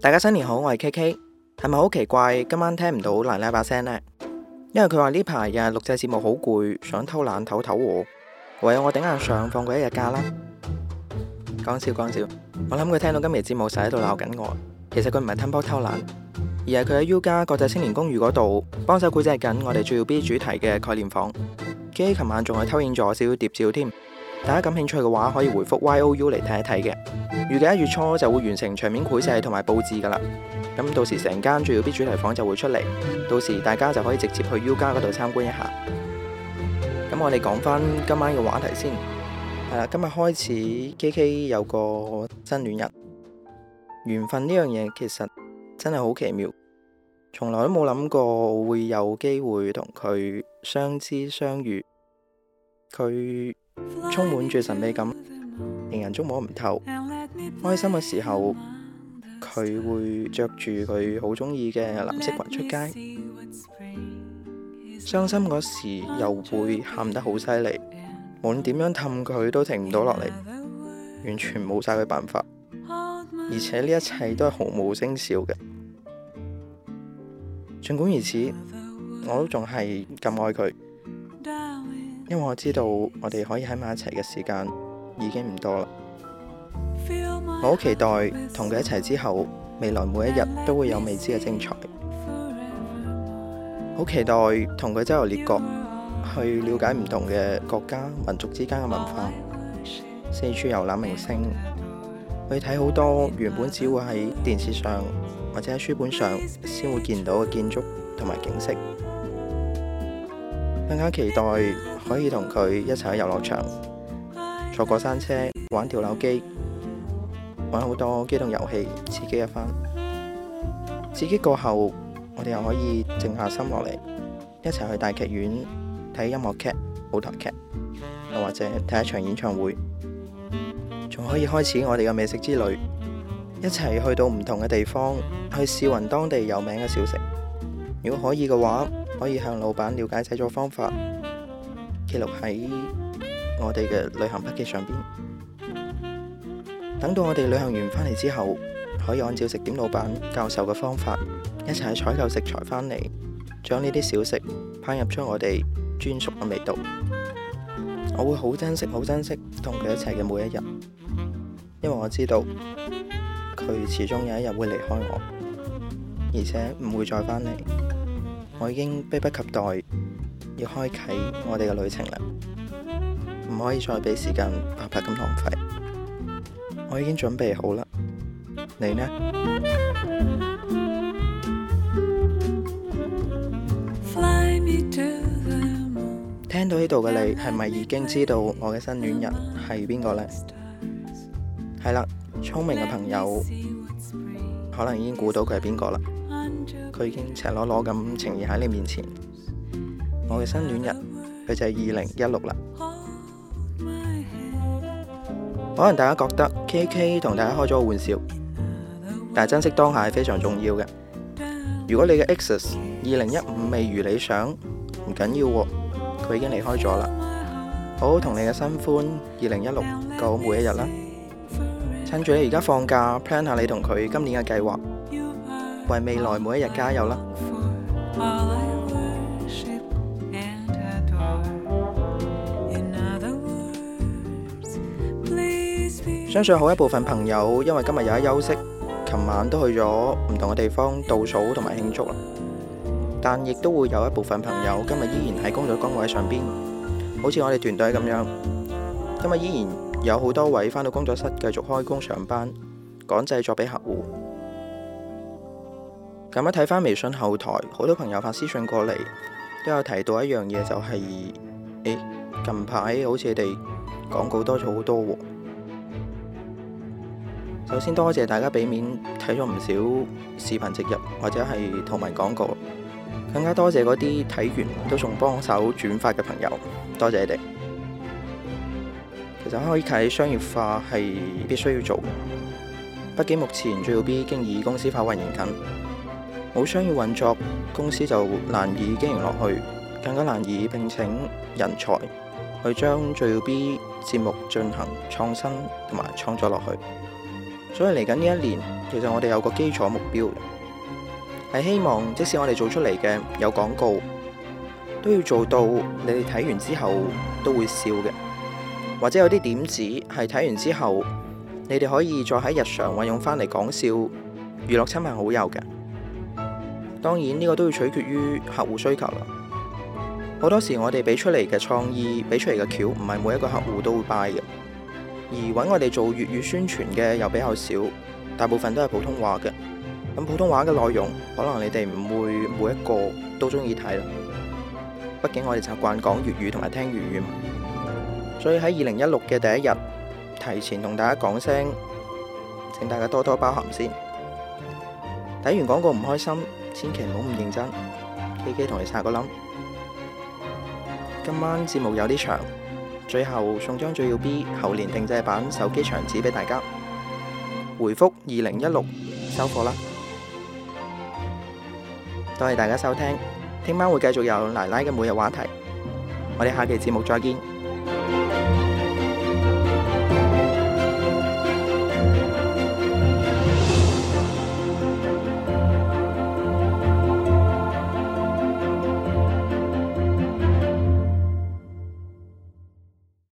大家新年好，我係 K K，係咪好奇怪今晚聽唔到奶奶把聲呢？因為佢話呢排日係錄製節目好攰，想偷懶唞唞喎，唯有我頂硬上放佢一日假啦。講笑講笑，我諗佢聽到今期節目實喺度鬧緊我，其實佢唔係吞波偷懶，而係佢喺 U 家國際青年公寓嗰度幫手繪製緊我哋最耀 B 主題嘅概念房，K K 琴晚仲係偷影咗少少諜照添。大家感興趣嘅話，可以回復 Y O U 嚟睇一睇嘅。預計一月初就會完成場面繪製同埋佈置噶啦。咁到時成間最入啲主題房就會出嚟，到時大家就可以直接去 U 家嗰度參觀一下。咁我哋講翻今晚嘅話題先。係啦，今日開始 K K 有個新戀人。緣分呢樣嘢其實真係好奇妙，從來都冇諗過會有機會同佢相知相遇。佢充滿住神秘感，令人捉摸唔透。開心嘅時候，佢會着住佢好鍾意嘅藍色裙出街；傷心嗰時又會喊得好犀利，無論點樣氹佢都停唔到落嚟，完全冇晒佢辦法。而且呢一切都係毫無徵兆嘅。儘管如此，我都仲係咁愛佢。因為我知道，我哋可以喺埋一齊嘅時間已經唔多啦，我好期待同佢一齊之後，未來每一日都會有未知嘅精彩。好期待同佢周遊列國，去了解唔同嘅國家民族之間嘅文化，四處遊覽名勝，去睇好多原本只會喺電視上或者喺書本上先會見到嘅建築同埋景色，更加期待。可以同佢一齊去遊樂場，坐過山車，玩跳樓機，玩好多機動遊戲，刺激一番。刺激過後，我哋又可以靜下心落嚟，一齊去大劇院睇音樂劇、舞台劇，又或者睇一場演唱會。仲可以開始我哋嘅美食之旅，一齊去到唔同嘅地方去試勻當地有名嘅小食。如果可以嘅話，可以向老闆了解製作方法。記錄喺我哋嘅旅行筆記上邊，等到我哋旅行完返嚟之後，可以按照食店老闆教授嘅方法，一齊去採購食材返嚟，將呢啲小食烹入出我哋專屬嘅味道。我會好珍惜、好珍惜同佢一齊嘅每一日，因為我知道佢始終有一日會離開我，而且唔會再返嚟。我已經迫不及待。要開啟我哋嘅旅程啦，唔可以再俾時間白白咁浪費。我已經準備好啦，你呢？Moon, 聽到呢度嘅你，係咪已經知道我嘅新戀人係邊個呢？係、嗯、啦，聰明嘅朋友可能已經估到佢係邊個啦。佢已經赤裸裸咁呈現喺你面前。我嘅新戀人佢就係二零一六啦，可能大家覺得 KK 同大家開咗個玩笑，但係珍惜當下係非常重要嘅。如果你嘅 ex 二零一五未如理想，唔緊要喎，佢已經離開咗啦。好好同你嘅新歡二零一六過好每一日啦，趁住你而家放假 plan 下你同佢今年嘅計劃，為未來每一日加油啦！相信好一部分朋友，因為今日有一休息，琴晚都去咗唔同嘅地方倒數同埋慶祝啦。但亦都會有一部分朋友今日依然喺工作崗位上邊，好似我哋團隊咁樣，今日依然有好多位返到工作室繼續開工上班，趕製作俾客戶。咁一睇翻微信後台，好多朋友發私信過嚟，都有提到一樣嘢，就係，就、欸、係近排好似你哋廣告多咗好多喎。首先多謝大家俾面睇咗唔少視頻植入或者係圖文廣告，更加多謝嗰啲睇完都仲幫手轉發嘅朋友，多謝你哋。其實可以睇商業化係必須要做嘅。畢竟目前最耀 B 已經以公司化運營緊，冇商業運作，公司就難以經營落去，更加難以聘請人才去將最耀 B 節目進行創新同埋創作落去。所以嚟緊呢一年，其實我哋有個基礎目標，係希望即使我哋做出嚟嘅有廣告，都要做到你哋睇完之後都會笑嘅，或者有啲點子係睇完之後，你哋可以再喺日常運用翻嚟講笑娛樂親朋好友嘅。當然呢個都要取決於客戶需求啦。好多時我哋俾出嚟嘅創意，俾出嚟嘅橋，唔係每一個客戶都會 buy 嘅。而揾我哋做粵語宣傳嘅又比較少，大部分都係普通話嘅。咁普通話嘅內容，可能你哋唔會每一個都中意睇啦。畢竟我哋習慣講粵語同埋聽粵語嘛。所以喺二零一六嘅第一日，提前同大家講聲，請大家多多包涵先。睇完廣告唔開心，千祈唔好唔認真。K K 同你擦個霖。今晚節目有啲長。最後送張最耀 B 猴年定制版手機牆紙俾大家，回覆二零一六收貨啦！多謝大家收聽，聽晚會繼續有奶奶嘅每日話題，我哋下期節目再見。